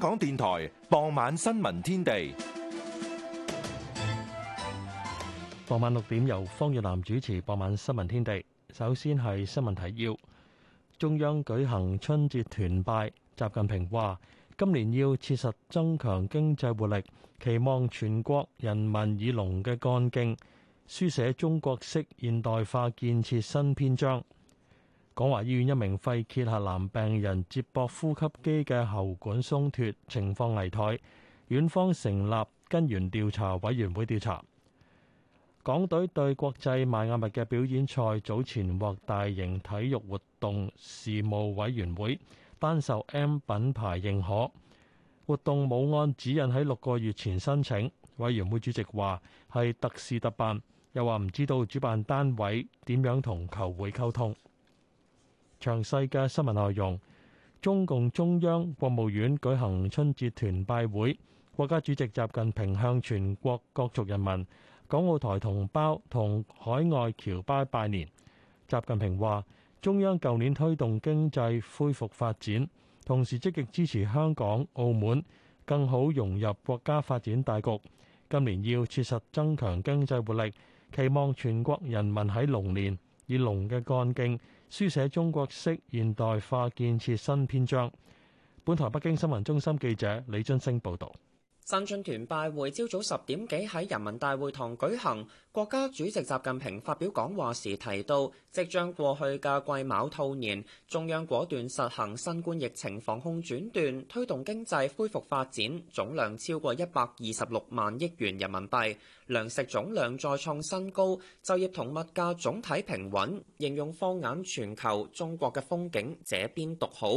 香港電台傍晚新聞天地，傍晚六點由方月南主持。傍晚新聞天地，首先係新聞提要。中央舉行春節團拜，習近平話：今年要切實增強經濟活力，期望全國人民以龍嘅幹勁，書寫中國式現代化建設新篇章。港華醫院一名肺結核男病人接駁呼吸機嘅喉管鬆脫，情況危殆。院方成立根源調查委員會調查。港隊對國際邁阿密嘅表演賽早前獲大型體育活動事務委員會頒授 M 品牌認可，活動冇按指引喺六個月前申請。委員會主席話係特事特辦，又話唔知道主辦單位點樣同球會溝通。詳細嘅新聞內容，中共中央國務院舉行春節團拜會，國家主席習近平向全國各族人民、港澳台同胞同海外僑胞拜年。習近平話：中央舊年推動經濟恢復發展，同時積極支持香港、澳門更好融入國家發展大局。今年要切實增強經濟活力，期望全國人民喺龍年以龍嘅幹勁，書寫中國式現代化建設新篇章。本台北京新聞中心記者李津升報導，新春團拜會朝早十點幾喺人民大會堂舉行。國家主席習近平發表講話時提到，即將過去嘅癸卯兔年，中央果斷實行新冠疫情防控轉段，推動經濟恢復發展，總量超過一百二十六萬億元人民幣，糧食總量再創新高，就業同物價總體平穩。形容放眼全球，中國嘅風景這邊獨好。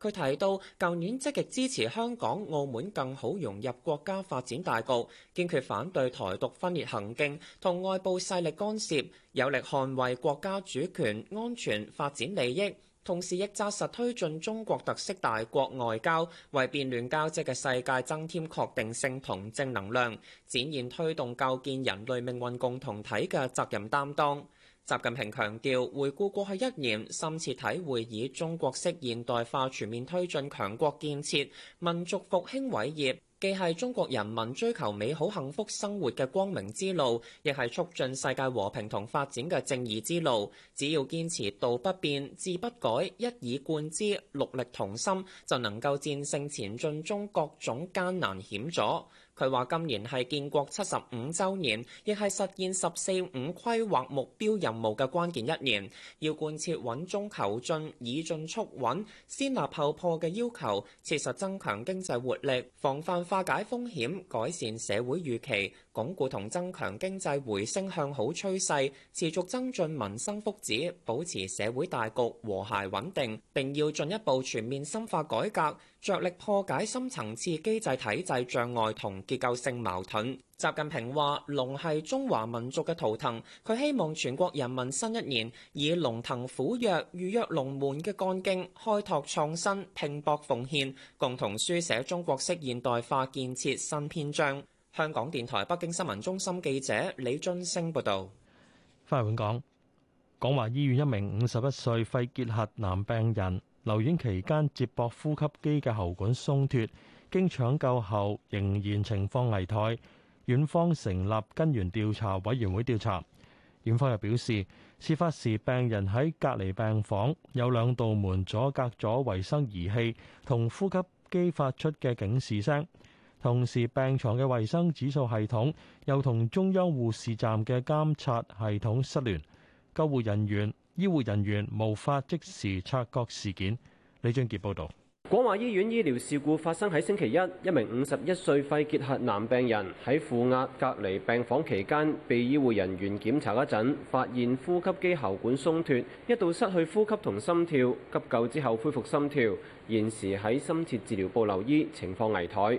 佢提到，舊年積極支持香港、澳門更好融入國家發展大局，堅決反對台獨分裂行徑，外部勢力干涉，有力捍衛國家主權、安全、發展利益，同時亦扎實推進中國特色大國外交，為變亂交織嘅世界增添確定性同正能量，展現推動構建人類命運共同體嘅責任擔當。習近平強調，回顧過去一年，深切體會以中國式現代化全面推進強國建設、民族復興偉業。既係中國人民追求美好幸福生活嘅光明之路，亦係促進世界和平同發展嘅正義之路。只要堅持道不變、志不改，一以貫之，戮力同心，就能夠戰勝前進中各種艱難險阻。佢話：今年係建國七十五週年，亦係實現十四五規劃目標任務嘅關鍵一年，要貫徹穩中求進、以進促穩、先立後破嘅要求，切實增強經濟活力，防範化解風險，改善社會預期。鞏固同增強經濟回升向好趨勢，持續增進民生福祉，保持社會大局和諧穩定。並要進一步全面深化改革，着力破解深層次機制體制障礙同結構性矛盾。習近平話：龍係中華民族嘅圖騰，佢希望全國人民新一年以龍騰虎躍、預約龍門嘅幹勁，開拓創新、拼搏奉獻，共同書寫中國式現代化建設新篇章。香港電台北京新聞中心記者李津升報道。翻嚟，本港，廣華醫院一名五十一歲肺結核男病人留院期間接駁呼吸機嘅喉管鬆脫，經搶救後仍然情況危殆。院方成立根源調查委員會調查。院方又表示，事發時病人喺隔離病房，有兩道門阻隔咗維生儀器同呼吸機發出嘅警示聲。同時，病床嘅衞生指數系統又同中央護士站嘅監察系統失聯，救護人員、醫護人員無法即時察覺事件。李俊傑報導。廣華醫院醫療事故發生喺星期一，一名五十一歲肺結核男病人喺負壓隔離病房期間，被醫護人員檢查嗰陣，發現呼吸機喉管鬆脱，一度失去呼吸同心跳，急救之後恢復心跳，現時喺深切治療部留醫，情況危殆。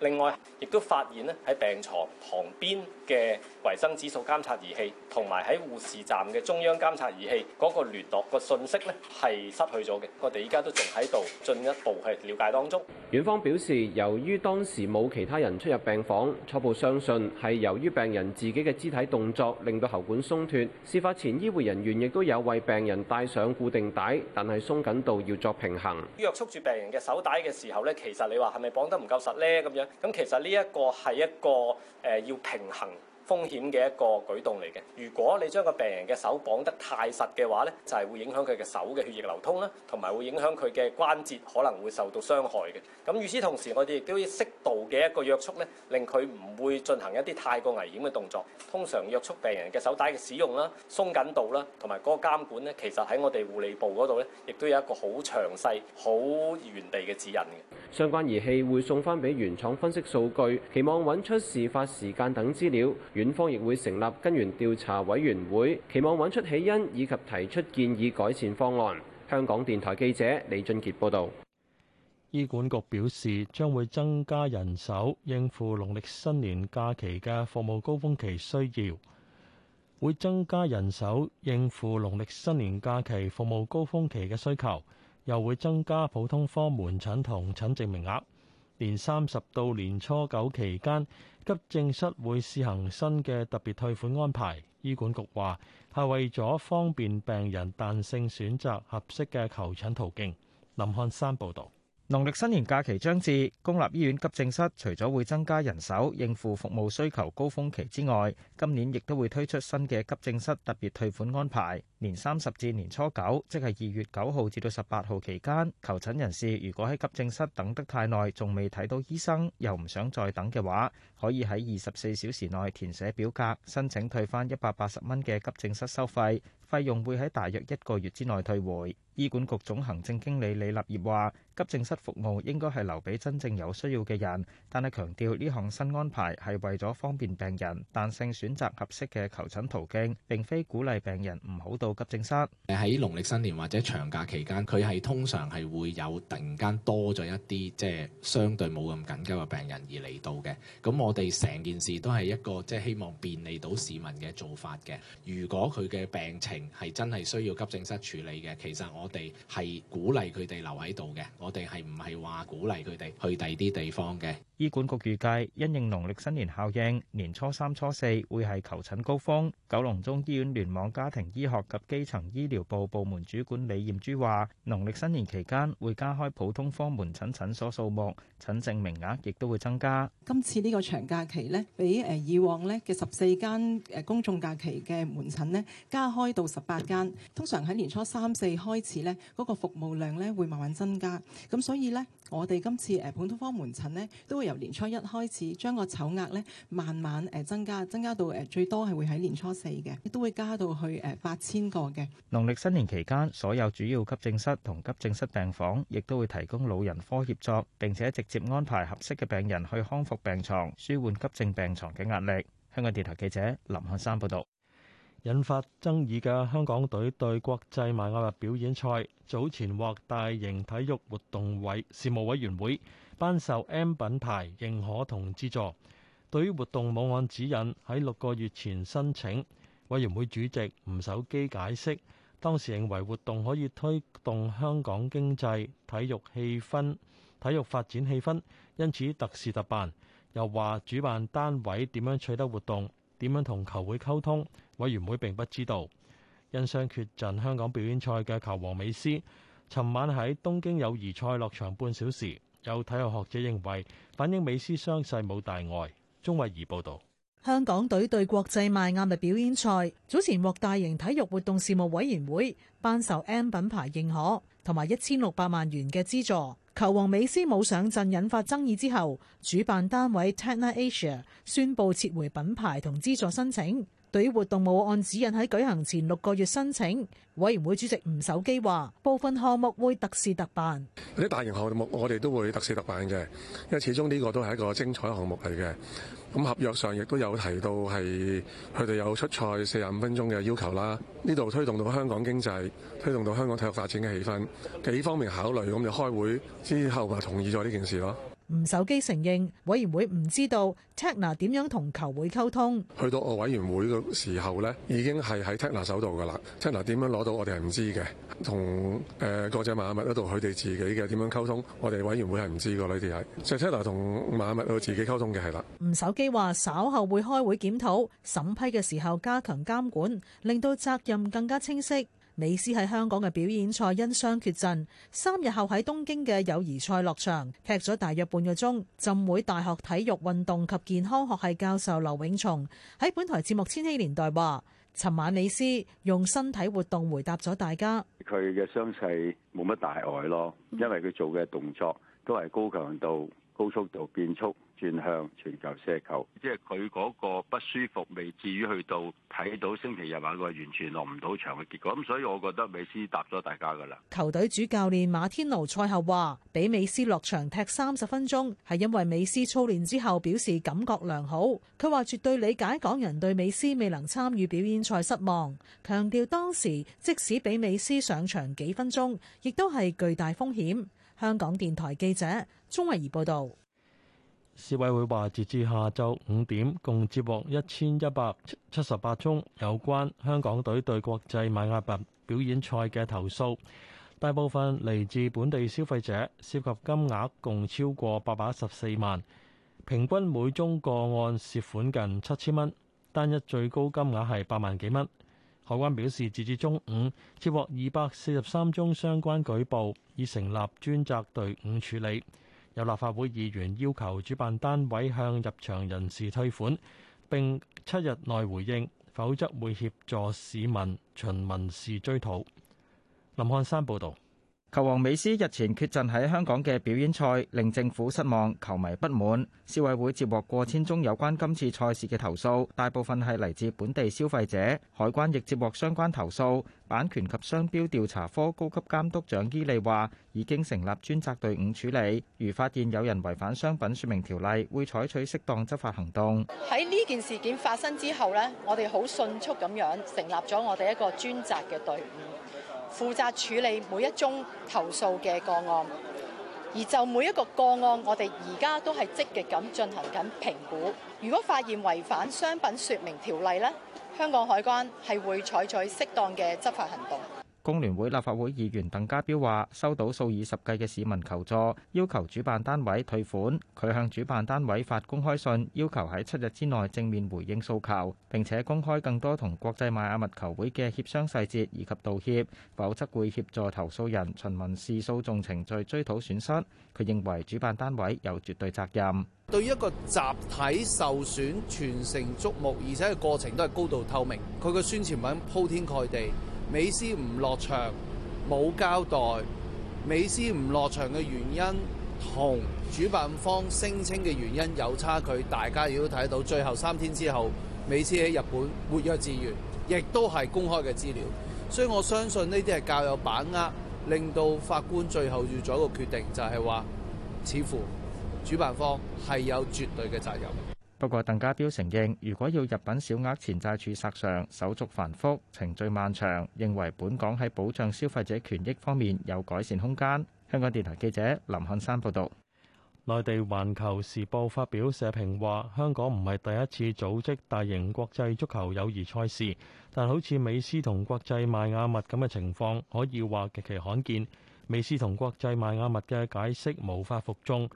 另外，亦都發現呢喺病床旁邊嘅維生指數監察儀器，同埋喺護士站嘅中央監察儀器嗰個聯絡個信息呢，係失去咗嘅。我哋而家都仲喺度進一步去了解當中。院方表示，由於當時冇其他人出入病房，初步相信係由於病人自己嘅肢體動作令到喉管鬆脱。事發前醫護人員亦都有為病人戴上固定帶，但係鬆緊度要作平衡。約束住病人嘅手帶嘅時候呢，其實你話係咪綁得唔夠實呢？咁樣？咁其實呢一個係一個誒要平衡，風險嘅一個舉動嚟嘅。如果你將個病人嘅手綁得太實嘅話，咧，就係會影響佢嘅手嘅血液流通啦，同埋會影響佢嘅關節可能會受到傷害嘅。咁與此同時，我哋亦都要適度嘅一個約束咧，令佢唔會進行一啲太過危險嘅動作。通常約束病人嘅手帶嘅使用啦、鬆緊度啦，同埋嗰個監管咧，其實喺我哋護理部嗰度咧，亦都有一個好詳細、好嚴謹嘅指引嘅。相關儀器會送翻俾原廠分析數據，期望揾出事發時間等資料。院方亦會成立根源調查委員會，期望揾出起因以及提出建議改善方案。香港電台記者李俊傑報道。醫管局表示，將會增加人手應付農曆新年假期嘅服務高峰期需要，會增加人手應付農曆新年假期服務高峰期嘅需求，又會增加普通科門診同診症名額。年三十到年初九期間，急症室會試行新嘅特別退款安排。醫管局話，係為咗方便病人彈性選擇合適嘅求診途徑。林漢山報道。農曆新年假期將至，公立醫院急症室除咗會增加人手應付服務需求高峰期之外，今年亦都會推出新嘅急症室特別退款安排。年三十至年初九，即係二月九號至到十八號期間，求診人士如果喺急症室等得太耐，仲未睇到醫生，又唔想再等嘅話，可以喺二十四小時內填寫表格申請退翻一百八十蚊嘅急症室收費，費用會喺大約一個月之內退回。醫管局總行政經理李立業話，急症室服務應該係留俾真正有需要嘅人，但係強調呢項新安排係為咗方便病人，彈性選擇合適嘅求診途徑，並非鼓勵病人唔好到。急症室。喺農曆新年或者長假期間，佢係通常係會有突然間多咗一啲，即係相對冇咁緊急嘅病人而嚟到嘅。咁我哋成件事都係一個即係希望便利到市民嘅做法嘅。如果佢嘅病情係真係需要急症室處理嘅，其實我哋係鼓勵佢哋留喺度嘅。我哋係唔係話鼓勵佢哋去第二啲地方嘅？醫管局預計，因應農曆新年效應，年初三初四會係求診高峰。九龍中醫院聯網家庭醫學及基層醫療部部門主管李艷珠話，農曆新年期間會加開普通科門診診所數目，診症名額亦都會增加。今次呢個長假期呢，比誒以往咧嘅十四間誒公眾假期嘅門診呢，加開到十八間。通常喺年初三四開始呢，嗰個服務量呢會慢慢增加，咁所以呢。我哋今次誒普通科門診呢，都會由年初一開始將個籌額咧慢慢誒增加，增加到誒最多係會喺年初四嘅，亦都會加到去誒八千個嘅。農曆新年期間，所有主要急症室同急症室病房亦都會提供老人科協助，並且直接安排合適嘅病人去康復病床，舒緩急症病床嘅壓力。香港電台記者林漢山報道。引發爭議嘅香港隊對國際邁阿密表演賽，早前獲大型體育活動委事務委員會頒授 M 品牌認可同資助。對於活動冇按指引喺六個月前申請，委員會主席吳守基解釋，當時認為活動可以推動香港經濟、體育氣氛、體育發展氣氛，因此特事特辦。又話主辦單位點樣取得活動？點樣同球會溝通？委員會並不知道。因傷缺陣香港表演賽嘅球王美斯，尋晚喺東京友誼賽落場半小時。有體育學者認為，反映美斯傷勢冇大礙。鍾慧儀報道：香港隊對國際邁亞嘅表演賽，早前獲大型體育活動事務委員會頒授 M 品牌認可，同埋一千六百萬元嘅資助。球王美斯冇上陣引發爭議之後，主辦單位 Tatler Asia 宣布撤回品牌同資助申請。對於活動冇按指引喺舉行前六個月申請，委員會主席吳守基話：部分項目會特事特辦，啲大型項目我哋都會特事特辦嘅，因為始終呢個都係一個精彩項目嚟嘅。咁合約上亦都有提到係佢哋有出賽四十五分鐘嘅要求啦。呢度推動到香港經濟，推動到香港體育發展嘅氣氛，幾方面考慮，咁就開會之後咪同意咗呢件事咯。吳守基承認委員會唔知道 Tina 點樣同球會溝通。去到我委員會嘅時候咧，已經係喺 Tina 手度噶啦。Tina 點樣攞到我哋係唔知嘅，同誒、呃、國際邁阿密嗰度佢哋自己嘅點樣溝通，我哋委員會係唔知噶。呢啲係即 Tina 同邁阿密佢自己溝通嘅係啦。吳守基話稍後會開會檢討審批嘅時候加強監管，令到責任更加清晰。美斯喺香港嘅表演賽因傷缺陣，三日後喺東京嘅友誼賽落場踢咗大約半個鐘，浸會大學體育運動及健康學系教授劉永松喺本台節目《千禧年代》話，尋晚美斯用身體活動回答咗大家，佢嘅傷勢冇乜大礙咯，因為佢做嘅動作都係高強度。高速度變速轉向傳球射球，即係佢嗰個不舒服，未至於去到睇到星期日晚完全落唔到場嘅結果。咁所以我覺得美斯答咗大家噶啦。球隊主教練馬天奴賽後話，俾美斯落場踢三十分鐘，係因為美斯操練之後表示感覺良好。佢話絕對理解港人對美斯未能參與表演賽失望，強調當時即使俾美斯上場幾分鐘，亦都係巨大風險。香港電台記者鍾慧怡報道，消委會話，截至下晝五點，共接獲一千一百七十八宗有關香港隊對國際邁阿密表演賽嘅投訴，大部分嚟自本地消費者，涉及金額共超過八百一十四萬，平均每宗個案涉款近七千蚊，單日最高金額係八萬幾蚊。海關表示，截至中午，接獲二百四十三宗相關舉報，已成立專責隊伍處理。有立法會議員要求主辦單位向入場人士退款，並七日內回應，否則會協助市民循民事追討。林漢山報導。球王美斯日前缺陣喺香港嘅表演賽，令政府失望，球迷不滿。消委會接獲過千宗有關今次賽事嘅投訴，大部分係嚟自本地消費者。海關亦接獲相關投訴。版權及商標調查科高級監督長伊利話，已經成立專責隊伍處理，如發現有人違反商品說明條例，會採取適當執法行動。喺呢件事件發生之後咧，我哋好迅速咁樣成立咗我哋一個專責嘅隊伍。負責處理每一宗投訴嘅個案，而就每一個個案，我哋而家都係積極咁進行緊評估。如果發現違反商品說明條例呢，香港海關係會採取適當嘅執法行動。工聯會立法會議員鄧家彪話：收到數以十計嘅市民求助，要求主辦單位退款。佢向主辦單位發公開信，要求喺七日之內正面回應訴求，並且公開更多同國際邁阿密球會嘅協商細節以及道歉，否則會協助投訴人循民事訴訟程序追討損失。佢認為主辦單位有絕對責任。對一個集體受損、全城矚目，而且嘅過程都係高度透明，佢嘅宣傳品鋪天蓋地。美斯唔落場，冇交代。美斯唔落場嘅原因同主辦方聲稱嘅原因有差距，大家亦都睇到。最後三天之後，美斯喺日本活躍自如，亦都係公開嘅資料。所以我相信呢啲係較有把握，令到法官最後要做一個決定，就係話，似乎主辦方係有絕對嘅責任。不過，鄧家彪承認，如果要入稟小額錢債處索償，手續繁複、程序漫長，認為本港喺保障消費者權益方面有改善空間。香港電台記者林漢山報道，內地《環球時報》發表社評話：香港唔係第一次組織大型國際足球友誼賽事，但好似美斯同國際邁亞密咁嘅情況，可以話極其罕見。美斯同國際邁亞密嘅解釋無法服眾。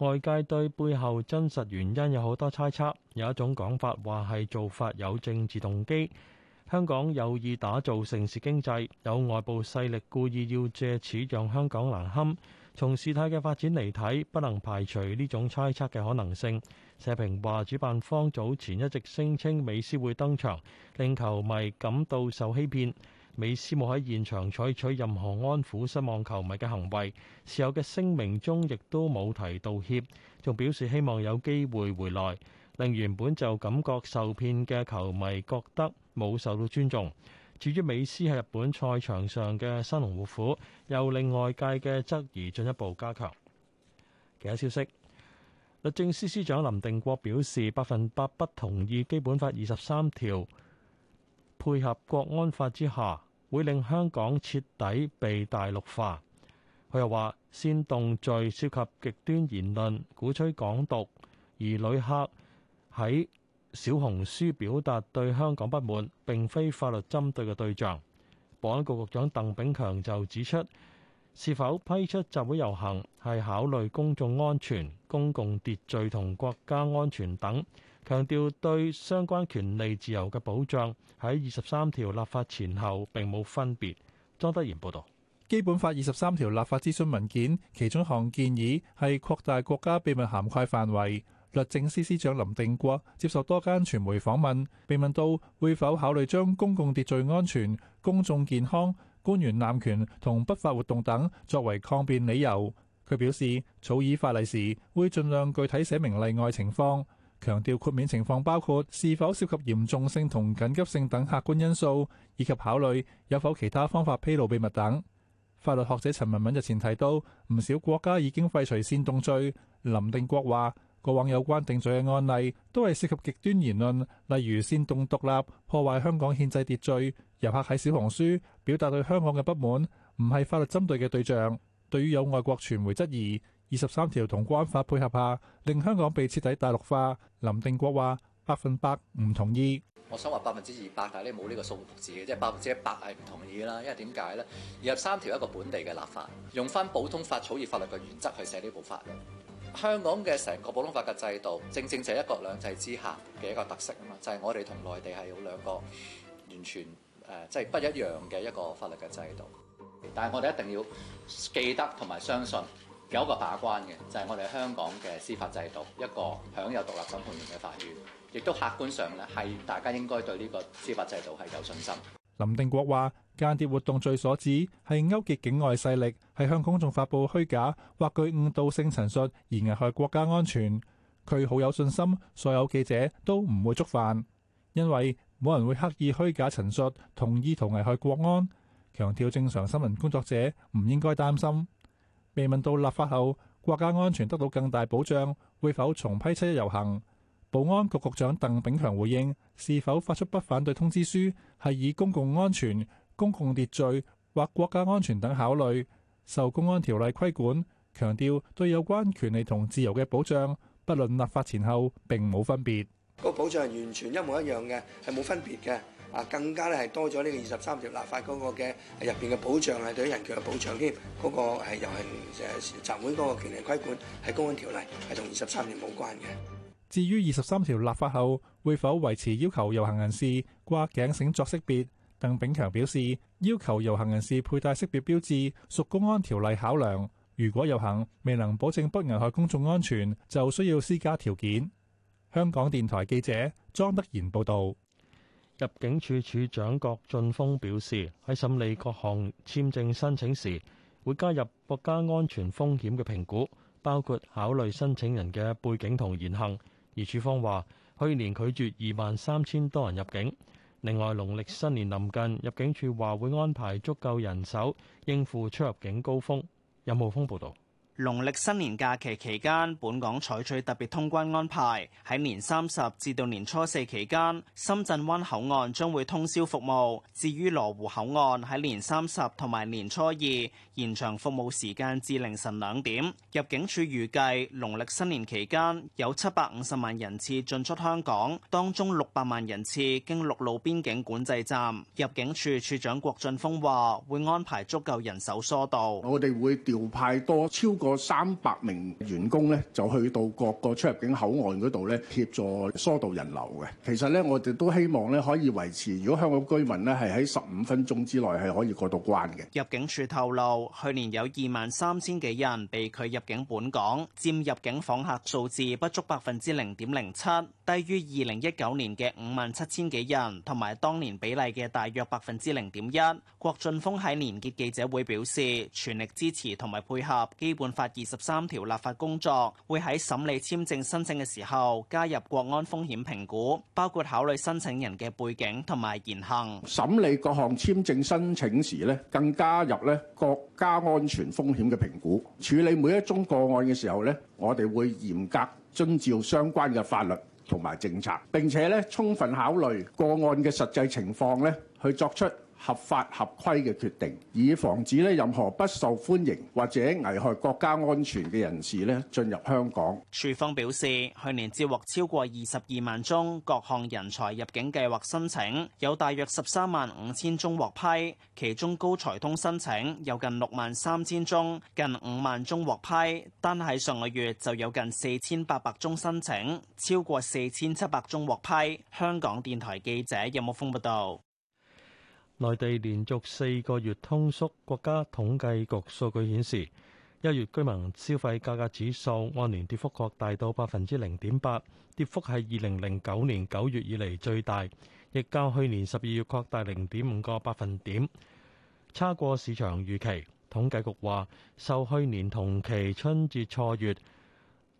外界對背後真實原因有好多猜測，有一種講法話係做法有政治動機，香港有意打造城市經濟，有外部勢力故意要借此讓香港難堪。從事態嘅發展嚟睇，不能排除呢種猜測嘅可能性。社評話，主辦方早前一直聲稱美斯會登場，令球迷感到受欺騙。美斯冇喺現場採取任何安撫失望球迷嘅行為，事後嘅聲明中亦都冇提道歉，仲表示希望有機會回來，令原本就感覺受騙嘅球迷覺得冇受到尊重。至於美斯喺日本賽場上嘅生龍活虎，又令外界嘅質疑進一步加強。其他消息，律政司司長林定國表示，百分百不同意基本法二十三條配合國安法之下。會令香港徹底被大陸化。佢又話：煽動罪涉及極端言論，鼓吹港獨。而旅客喺小紅書表達對香港不滿，並非法律針對嘅對象。保安局局長鄧炳強就指出，是否批出集會遊行係考慮公眾安全、公共秩序同國家安全等。強調對相關權利自由嘅保障喺二十三條立法前後並冇分別。莊德賢報導，《基本法》二十三條立法諮詢文件其中一項建議係擴大國家秘密涵蓋範圍。律政司司長林定國接受多間傳媒訪問，被問到會否考慮將公共秩序、安全、公眾健康、官員濫權同不法活動等作為抗辯理由，佢表示草擬法例時會盡量具體寫明例外情況。強調豁免情況包括是否涉及嚴重性同緊急性等客觀因素，以及考慮有否其他方法披露秘密等。法律學者陳文敏日前提到，唔少國家已經廢除煽動罪。林定國話：過往有關定罪嘅案例都係涉及極端言論，例如煽動獨立、破壞香港憲制秩序、遊客喺小紅書表達對香港嘅不滿，唔係法律針對嘅對象。對於有外國傳媒質疑，二十三條同國安法配合下，令香港被徹底大陸化。林定國話：百分百唔同意。我想話百分之二百，但係咧，冇呢個數字嘅，即係百分之一百係唔同意啦。因為點解呢？二十三條一個本地嘅立法，用翻，普通法草擬法律嘅原則去寫呢部法律。香港嘅成個普通法嘅制度，正正就係一國兩制之下嘅一個特色啊嘛，就係我哋同內地係有兩個完全誒，即係不一樣嘅一個法律嘅制度。但係我哋一定要記得同埋相信。有一個把關嘅，就係、是、我哋香港嘅司法制度，一個享有獨立審判權嘅法院，亦都客觀上咧，係大家應該對呢個司法制度係有信心。林定國話：間諜活動罪所指係勾結境外勢力，係向公眾發布虛假或具誤導性陳述，而危害國家安全。佢好有信心，所有記者都唔會觸犯，因為冇人會刻意虛假陳述，同意圖危害國安。強調正常新聞工作者唔應該擔心。未到立法後，國家安全得到更大保障，會否重批七一遊行？保安局局長鄧炳強回應，是否發出不反對通知書，係以公共安全、公共秩序或國家安全等考慮，受公安條例規管。強調對有關權利同自由嘅保障，不論立法前後並冇分別。嗰保障係完全一模一樣嘅，係冇分別嘅。啊，更加咧係多咗呢個二十三條立法嗰個嘅入邊嘅保障，係對人權嘅保障添，嗰個係遊行、誒集會嗰個權利，規管係公安條例，係同二十三條冇關嘅。至於二十三條立法後會否維持要求遊行人士掛頸繩作識別，鄧炳強表示，要求遊行人士佩戴識別標誌屬公安條例考量，如果遊行未能保證不危害公眾安全，就需要施加條件。香港電台記者莊德賢報導。入境處處長郭俊峰表示，喺審理各項簽證申請時，會加入國家安全風險嘅評估，包括考慮申請人嘅背景同言行。而處方話，去年拒絕二萬三千多人入境。另外，農曆新年臨近，入境處話會安排足夠人手應付出入境高峰。任浩峯報導。農曆新年假期期間，本港採取特別通關安排。喺年三十至到年初四期間，深圳灣口岸將會通宵服務。至於羅湖口岸喺年三十同埋年初二，延長服務時間至凌晨兩點。入境處預計農曆新年期間有七百五十萬人次進出香港，當中六百萬人次經陸路邊境管制站。入境處處長郭俊峰話會安排足夠人手疏導，我哋會調派多超個三百名員工咧，就去到各個出入境口岸嗰度咧，協助疏導人流嘅。其實咧，我哋都希望咧，可以維持，如果香港居民咧，係喺十五分鐘之內係可以過到關嘅。入境處透露，去年有二萬三千幾人被拒入境本港，佔入境訪客數字不足百分之零點零七。低於二零一九年嘅五萬七千幾人，同埋當年比例嘅大約百分之零點一。郭俊峰喺年結記者會表示，全力支持同埋配合《基本法》二十三條立法工作，會喺審理簽證申請嘅時候加入國安風險評估，包括考慮申請人嘅背景同埋言行。審理各項簽證申請時呢，更加入呢國家安全風險嘅評估。處理每一宗個案嘅時候呢，我哋會嚴格遵照相關嘅法律。同埋政策，並且咧充分考慮個案嘅實際情況咧，去作出。合法合規嘅決定，以防止咧任何不受歡迎或者危害國家安全嘅人士呢進入香港。處方表示，去年接獲超過二十二萬宗各項人才入境計劃申請，有大約十三萬五千宗獲批，其中高才通申請有近六萬三千宗，近五萬宗獲批。單喺上個月就有近四千八百宗申請，超過四千七百宗獲批。香港電台記者任木峯報道。內地連續四個月通縮。國家統計局數據顯示，一月居民消費價格指數按年跌幅擴大到百分之零點八，跌幅係二零零九年九月以嚟最大，亦較去年十二月擴大零點五個百分點，差過市場預期。統計局話，受去年同期春節錯月，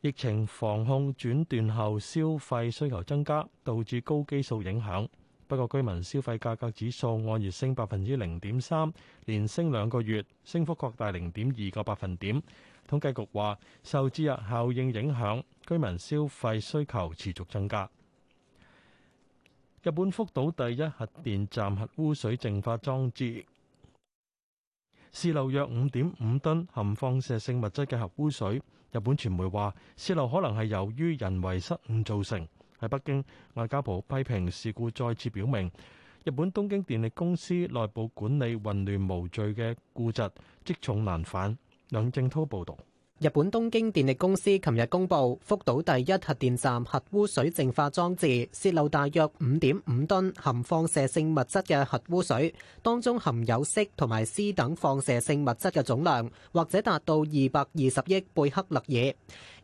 疫情防控轉段後消費需求增加，導致高基數影響。不過，居民消費價格指數按月升百分之零點三，連升兩個月，升幅擴大零點二個百分點。統計局話，受節日效應影響，居民消費需求持續增加。日本福島第一核電站核污水淨化裝置洩漏約五點五噸含放射性物質嘅核污水。日本傳媒話，洩漏可能係由於人為失誤造成。喺北京，外交部批評事故再次表明，日本東京電力公司內部管理混亂無序嘅痼疾積重難返。梁正濤報道。日本東京電力公司琴日公布，福島第一核電站核污水淨化裝置，泄漏大約5.5噸含放射性物質嘅核污水，當中含有鈾同埋鈽等放射性物質嘅總量，或者達到220億貝克勒爾。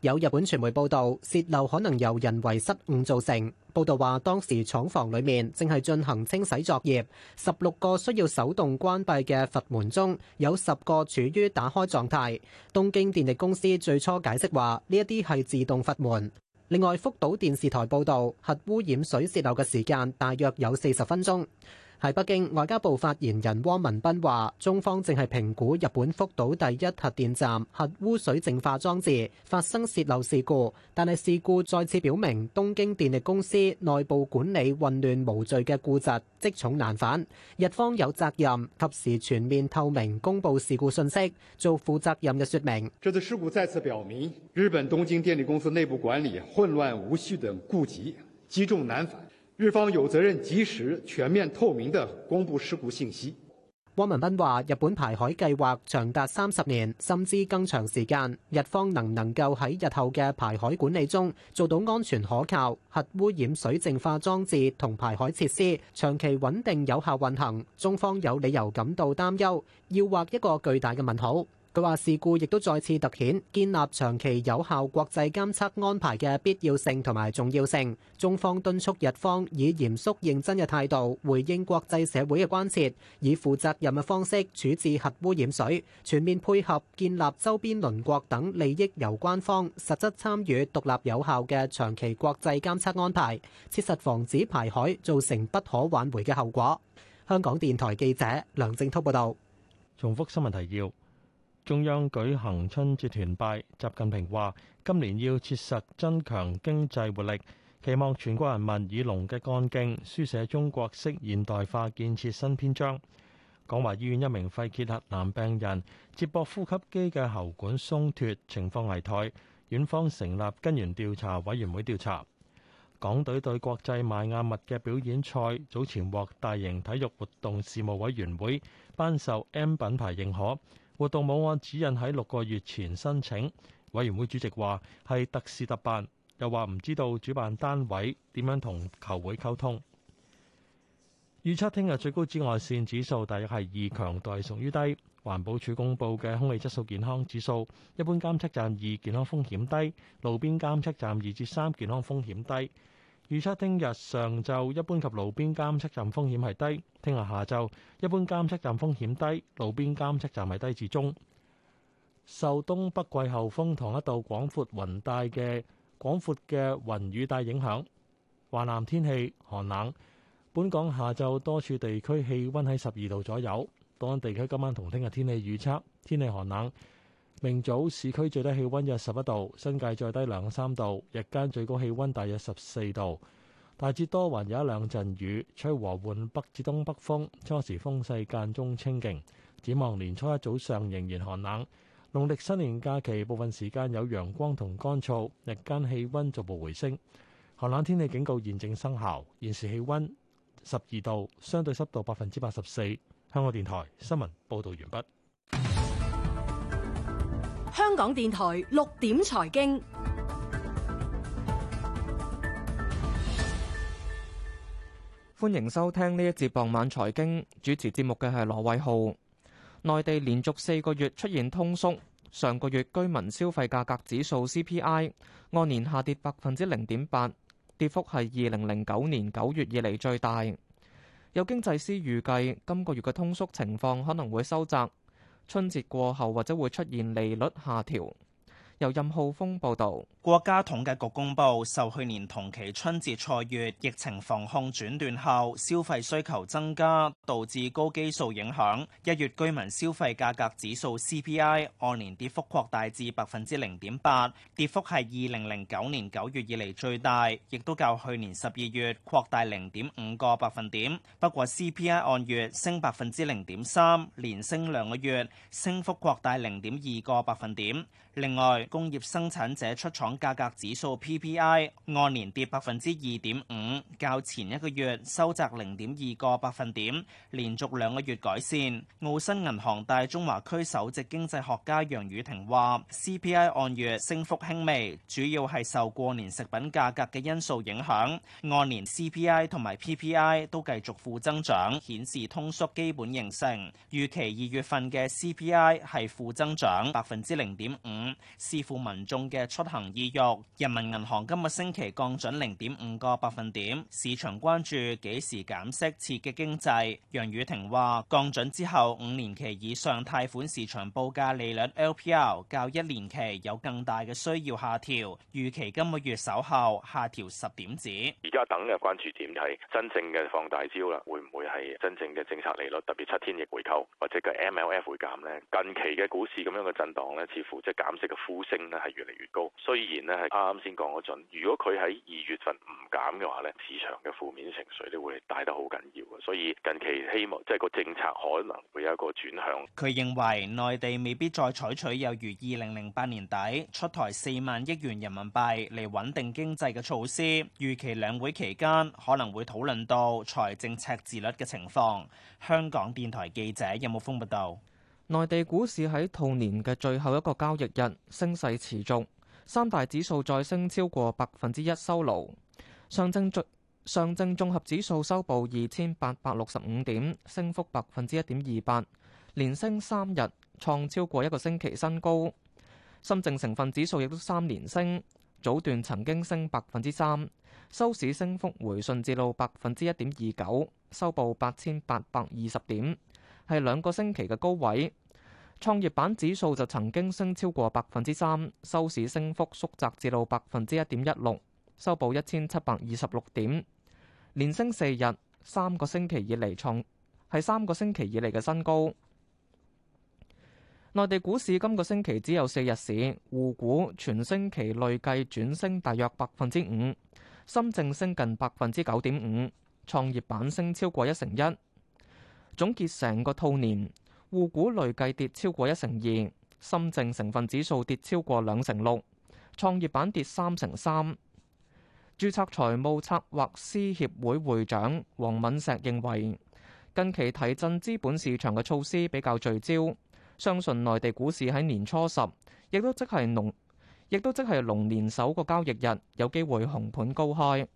有日本傳媒報道，泄漏可能由人為失誤造成。報道話，當時廠房裡面正係進行清洗作業，十六個需要手動關閉嘅閥門中有十個處於打開狀態。東京電力公司最初解釋話，呢一啲係自動閥門。另外，福島電視台報道，核污染水洩漏嘅時間大約有四十分鐘。喺北京，外交部發言人汪文斌話，中方正係評估日本福島第一核電站核污水淨化裝置發生泄漏事故，但係事故再次表明，東京電力公司內部管理混亂無序嘅痼疾積重難返，日方有責任及時全面透明公布事故信息，做負責任嘅說明。這次事故再次表明，日本東京電力公司內部管理混亂無序嘅痼疾積重難返。日方有責任及時、全面、透明地公布事故信息。汪文斌話：日本排海計劃長達三十年，甚至更長時間，日方能唔能夠喺日後嘅排海管理中做到安全可靠？核污染水淨化裝置同排海設施長期穩定有效運行，中方有理由感到擔憂，要畫一個巨大嘅問號。佢話：事故亦都再次突顯建立長期有效國際監測安排嘅必要性同埋重要性。中方敦促日方以嚴肅認真嘅態度回應國際社會嘅關切，以負責任嘅方式處置核污染水，全面配合建立周邊鄰國等利益攸關方實質參與獨立有效嘅長期國際監測安排，切實防止排海造成不可挽回嘅後果。香港電台記者梁正濤報道。重複新聞提要。中央舉行春節團拜，習近平話：今年要切實增強經濟活力，期望全國人民以龍嘅幹勁，書寫中國式現代化建設新篇章。廣華醫院一名肺結核男病人接駁呼吸機嘅喉管鬆脱，情況危殆，院方成立根源調查委員會調查。港隊對國際邁阿密嘅表演賽早前獲大型體育活動事務委員會頒授 M 品牌認可。活動網案指引喺六個月前申請，委員會主席話係特事特辦，又話唔知道主辦單位點樣同球會溝通。預測聽日最高紫外線指數大約係二強，但係屬於低。環保署公布嘅空氣質素健康指數，一般監測站二，健康風險低；路邊監測站二至三，健康風險低。預測聽日上晝一般及路邊監測站風險係低，聽日下晝一般監測站風險低，路邊監測站係低至中。受東北季候風同一度廣闊雲帶嘅廣闊嘅雲雨帶影響，華南天氣寒冷。本港下晝多處地區氣温喺十二度左右。多個地區今晚同聽日天氣預測，天氣寒冷。明早市區最低氣温約十一度，新界再低兩三度，日間最高氣温大約十四度。大致多雲，有一兩陣雨，吹和緩北至東北風，初時風勢間中清勁。展望年初一早上仍然寒冷，農曆新年假期部分時間有陽光同乾燥，日間氣温逐步回升。寒冷天氣警告現正生效，現時氣温十二度，相對濕度百分之八十四。香港電台新聞報導完畢。香港電台六點財經，歡迎收聽呢一節傍晚財經。主持節目嘅係羅偉浩。內地連續四個月出現通縮，上個月居民消費價格指數 CPI 按年下跌百分之零點八，跌幅係二零零九年九月以嚟最大。有經濟師預計，今個月嘅通縮情況可能會收窄。春節過後或者會出現利率下調。由任浩峰報道，國家統計局公布，受去年同期春節錯月疫情防控轉段後，消費需求增加導致高基數影響，一月居民消費價格指數 CPI 按年跌幅擴大至百分之零點八，跌幅係二零零九年九月以嚟最大，亦都較去年十二月擴大零點五個百分點。不過 CPI 按月升百分之零點三，連升兩個月，升幅擴大零點二個百分點。另外，工業生產者出廠價格指數 PPI 按年跌百分之二點五，較前一個月收窄零點二個百分點，連續兩個月改善。澳新銀行大中華區首席經濟學家楊宇霆話：CPI 按月升幅輕微，主要係受過年食品價格嘅因素影響。按年 CPI 同埋 PPI 都繼續負增長，顯示通縮基本形成。預期二月份嘅 CPI 係負增長百分之零點五。支付民眾嘅出行意欲，人民銀行今個星期降準零點五個百分點，市場關注幾時減息刺激經濟。楊雨婷話，降準之後五年期以上貸款市場報價利率 LPR 較一年期有更大嘅需要下調，預期今個月稍後下調十點子。而家等嘅關注點係真正嘅放大招啦，會唔會係真正嘅政策利率，特別七天逆回購或者個 MLF 會減呢？近期嘅股市咁樣嘅震盪呢，似乎即係減息嘅負升呢係越嚟越高，雖然呢係啱啱先講嗰陣，如果佢喺二月份唔減嘅話呢，市場嘅負面情緒都會帶得好緊要嘅，所以近期希望即係個政策可能會有一個轉向。佢認為內地未必再採取有如二零零八年底出台四萬億元人民幣嚟穩定經濟嘅措施，預期兩會期間可能會討論到財政赤字率嘅情況。香港電台記者任木峯報道。內地股市喺兔年嘅最後一個交易日升勢持續，三大指數再升超過百分之一，收爐。上證上證綜合指數收報二千八百六十五點，升幅百分之一點二八，連升三日，創超過一個星期新高。深證成分指數亦都三連升，早段曾經升百分之三，收市升幅回順至錄百分之一點二九，收報八千八百二十點，係兩個星期嘅高位。創業板指數就曾經升超過百分之三，收市升幅縮窄至到百分之一點一六，收報一千七百二十六點，連升四日，三個星期以嚟創，係三個星期以嚟嘅新高。內地股市今個星期只有四日市，滬股全星期累計轉升大約百分之五，深證升近百分之九點五，創業板升超過一成一。總結成個套年。滬股累計跌超過一成二，深證成分指數跌超過兩成六，創業板跌三成三。註冊財務策劃師協會會長黃敏石認為，近期提振資本市場嘅措施比較聚焦，相信內地股市喺年初十亦都即係農亦都即係龍年首個交易日有機會紅盤高開。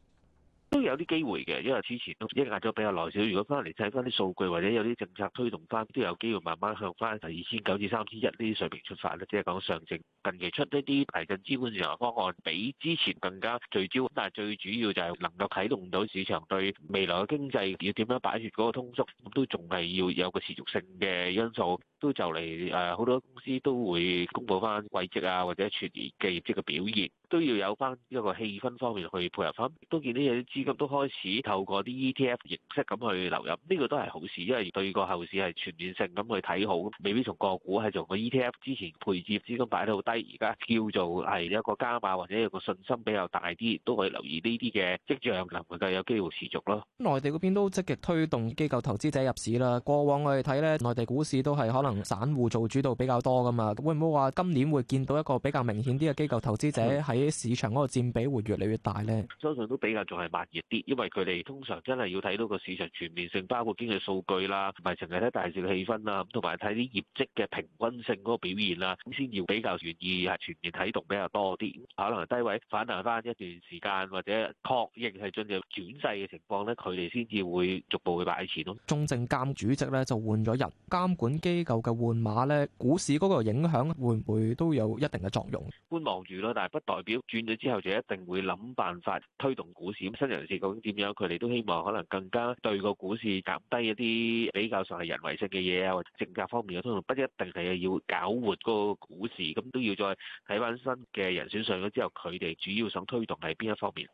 都有啲機會嘅，因為之前都抑壓咗比較耐少少，如果翻嚟睇翻啲數據，或者有啲政策推動翻，都有機會慢慢向翻二千九至三千一呢啲水平出發咧。即係講上證近期出呢啲提振資本市場方案，比之前更加聚焦，但係最主要就係能夠啟動到市場對未來嘅經濟要點樣擺脱嗰個通縮，都仲係要有個持續性嘅因素，都就嚟誒好多公司都會公布翻季績啊，或者全年嘅業績嘅表現。都要有翻一個氣氛方面去配合翻，都見啲嘢啲資金都開始透過啲 ETF 形式咁去流入，呢、這個都係好事，因為對個後市係全面性咁去睇好，未必從個股係從個 ETF 之前配置資金擺得好低，而家叫做係一個加碼或者一個信心比較大啲，都可以留意呢啲嘅跡象，能夠有機會持續咯。內地嗰邊都積極推動機構投資者入市啦。過往我哋睇咧，內地股市都係可能散戶做主導比較多噶嘛，會唔會話今年會見到一個比較明顯啲嘅機構投資者喺、嗯？市場嗰個佔比會越嚟越大咧，相信都比較仲係慢熱啲，因為佢哋通常真係要睇到個市場全面性，包括經濟數據啦，同埋成日咧大市嘅氣氛啦，咁同埋睇啲業績嘅平均性嗰個表現啦，咁先要比較願意係全面睇動比較多啲，可能低位反彈翻一段時間，或者確認係進入轉勢嘅情況咧，佢哋先至會逐步去擺錢咯。中證監主席咧就換咗人，監管機構嘅換馬咧，股市嗰個影響會唔會都有一定嘅作用？觀望住咯，但係不代表。轉咗之後，就一定會諗辦法推動股市。咁新人士究竟點樣？佢哋都希望可能更加對個股市減低一啲比較上係人為性嘅嘢啊，或者政策方面嘅推動，不一定係要搞活嗰個股市。咁都要再睇翻新嘅人選上咗之後，佢哋主要想推動係邊一方面？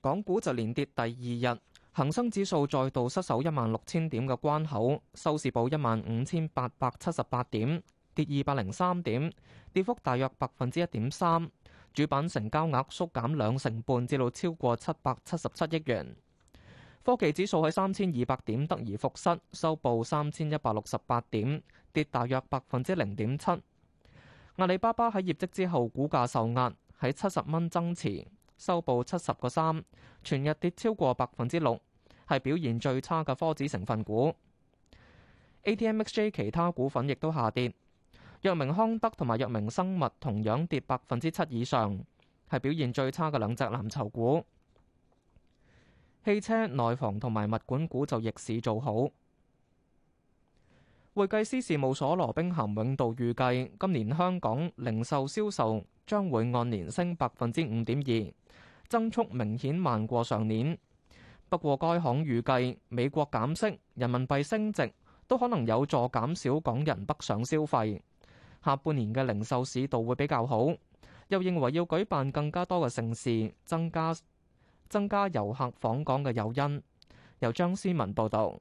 港股就連跌第二日，恒生指數再度失守一萬六千點嘅關口，收市報一萬五千八百七十八點。跌二百零三點，跌幅大約百分之一點三。主板成交額縮減兩成半，至到超過七百七十七億元。科技指數喺三千二百點，得而復失，收報三千一百六十八點，跌大約百分之零點七。阿里巴巴喺業績之後，股價受壓，喺七十蚊增持，收報七十個三，全日跌超過百分之六，係表現最差嘅科指成分股。A T M X J 其他股份亦都下跌。藥明康德同埋藥明生物同樣跌百分之七以上，係表現最差嘅兩隻藍籌股。汽車、內房同埋物管股就逆市做好。會計師事務所羅兵咸永道預計，今年香港零售銷售將會按年升百分之五點二，增速明顯慢過上年。不過，該行預計美國減息、人民幣升值都可能有助減少港人北上消費。下半年嘅零售市道會比較好，又認為要舉辦更加多嘅盛事增加增加遊客訪港嘅誘因。由張思文報道，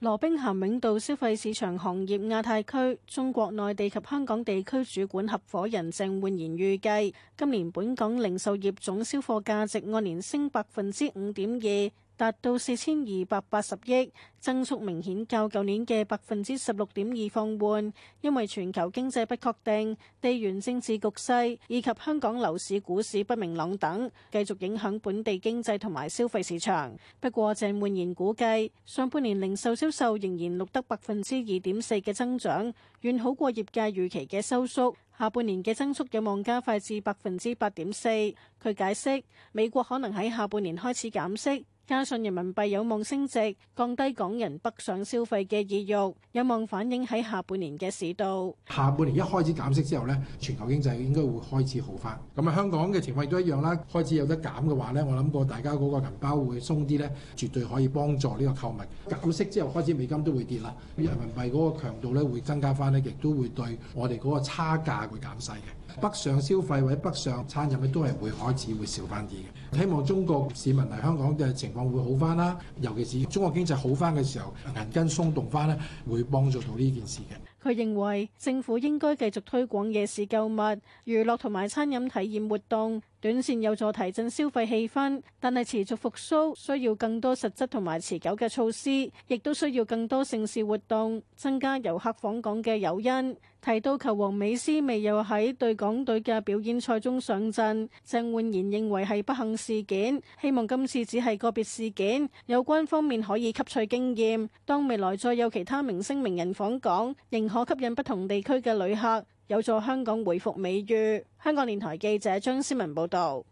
羅兵咸永道消費市場行業亞太區中國內地及香港地區主管合伙人鄭煥然預計今年本港零售業總銷貨價值按年升百分之五點二。達到四千二百八十億，增速明顯較舊年嘅百分之十六點二放緩，因為全球經濟不確定、地緣政治局勢以及香港樓市股市不明朗等，繼續影響本地經濟同埋消費市場。不過，鄭滿賢估計上半年零售銷售仍然錄得百分之二點四嘅增長，遠好過業界預期嘅收縮。下半年嘅增速有望加快至百分之八點四。佢解釋，美國可能喺下半年開始減息。加上人民幣有望升值，降低港人北上消費嘅意欲，有望反映喺下半年嘅市道。下半年一開始減息之後呢，全球經濟應該會開始好翻。咁啊，香港嘅情況亦都一樣啦。開始有得減嘅話呢，我諗過大家嗰個銀包會鬆啲，呢絕對可以幫助呢個購物。減息之後開始美金都會跌啦，人民幣嗰個強度咧，會增加翻，呢亦都會對我哋嗰個差價會減細嘅。北上消費或者北上餐飲呢，都係會開始會少翻啲嘅。希望中國市民嚟香港嘅情況會好翻啦，尤其是中國經濟好翻嘅時候，銀根鬆動翻咧，會幫助到呢件事嘅。佢認為政府應該繼續推廣夜市購物、娛樂同埋餐飲體驗活動，短線有助提振消費氣氛，但係持續復甦需要更多實質同埋持久嘅措施，亦都需要更多盛事活動，增加遊客訪港嘅誘因。提到球王美斯未有喺對港隊嘅表演賽中上陣，鄭煥賢認為係不幸事件，希望今次只係個別事件，有關方面可以吸取經驗。當未來再有其他明星名人訪港，仍可吸引不同地區嘅旅客，有助香港回復美譽。香港電台記者張思文報道。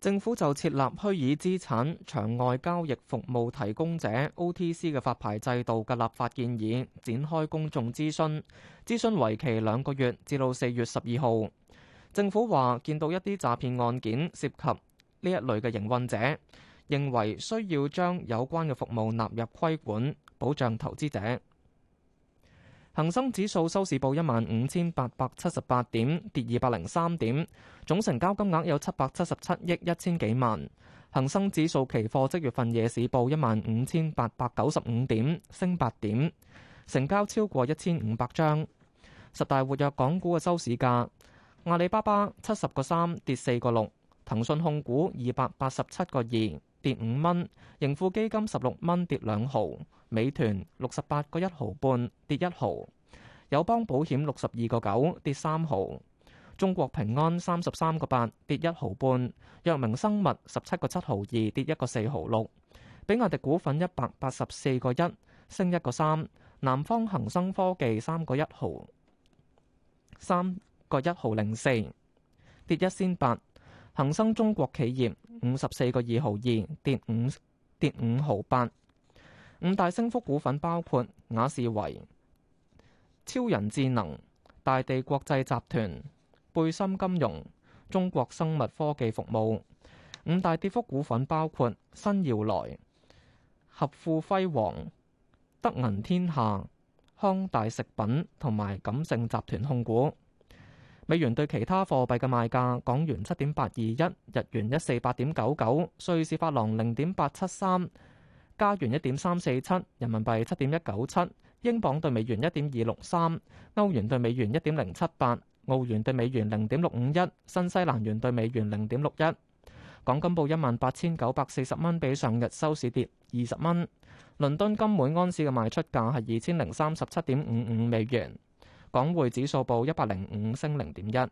政府就設立虛擬資產場外交易服務提供者 （OTC） 嘅發牌制度嘅立法建議展開公眾諮詢，諮詢為期兩個月，至到四月十二號。政府話見到一啲詐騙案件涉及呢一類嘅營運者，認為需要將有關嘅服務納入規管，保障投資者。恒生指數收市報一萬五千八百七十八點，跌二百零三點，總成交金額有七百七十七億一千幾萬。恒生指數期貨即月份夜市報一萬五千八百九十五點，升八點，成交超過一千五百張。十大活躍港股嘅收市價：阿里巴巴七十個三跌四個六，騰訊控股二百八十七個二跌五蚊，盈富基金十六蚊跌兩毫。美團六十八個一毫半，跌一毫；友邦保險六十二個九，跌三毫；中國平安三十三個八，跌一毫半；藥明生物十七個七毫二，跌一個四毫六；比亞迪股份一百八十四個一，升一個三；南方恒生科技三個一毫，三個一毫零四，跌一仙八；恒生中國企業五十四個二毫二，跌五跌五毫八。五大升幅股份包括雅士維、超人智能、大地國際集團、貝森金融、中國生物科技服務。五大跌幅股份包括新耀來、合富輝煌、德銀天下、康大食品同埋錦盛集團控股。美元對其他貨幣嘅賣價：港元七點八二一，日元一四八點九九，瑞士法郎零點八七三。加元一點三四七，7，人民幣七點一九七，英鎊對美元一點二六三，歐元對美元一點零七八，澳元對美元零點六五一，新西蘭元對美元零點六一。港金報一萬八千九百四十蚊，比上日收市跌二十蚊。倫敦金每安士嘅賣出價係二千零三十七點五五美元。港匯指數報一百零五，升零點一。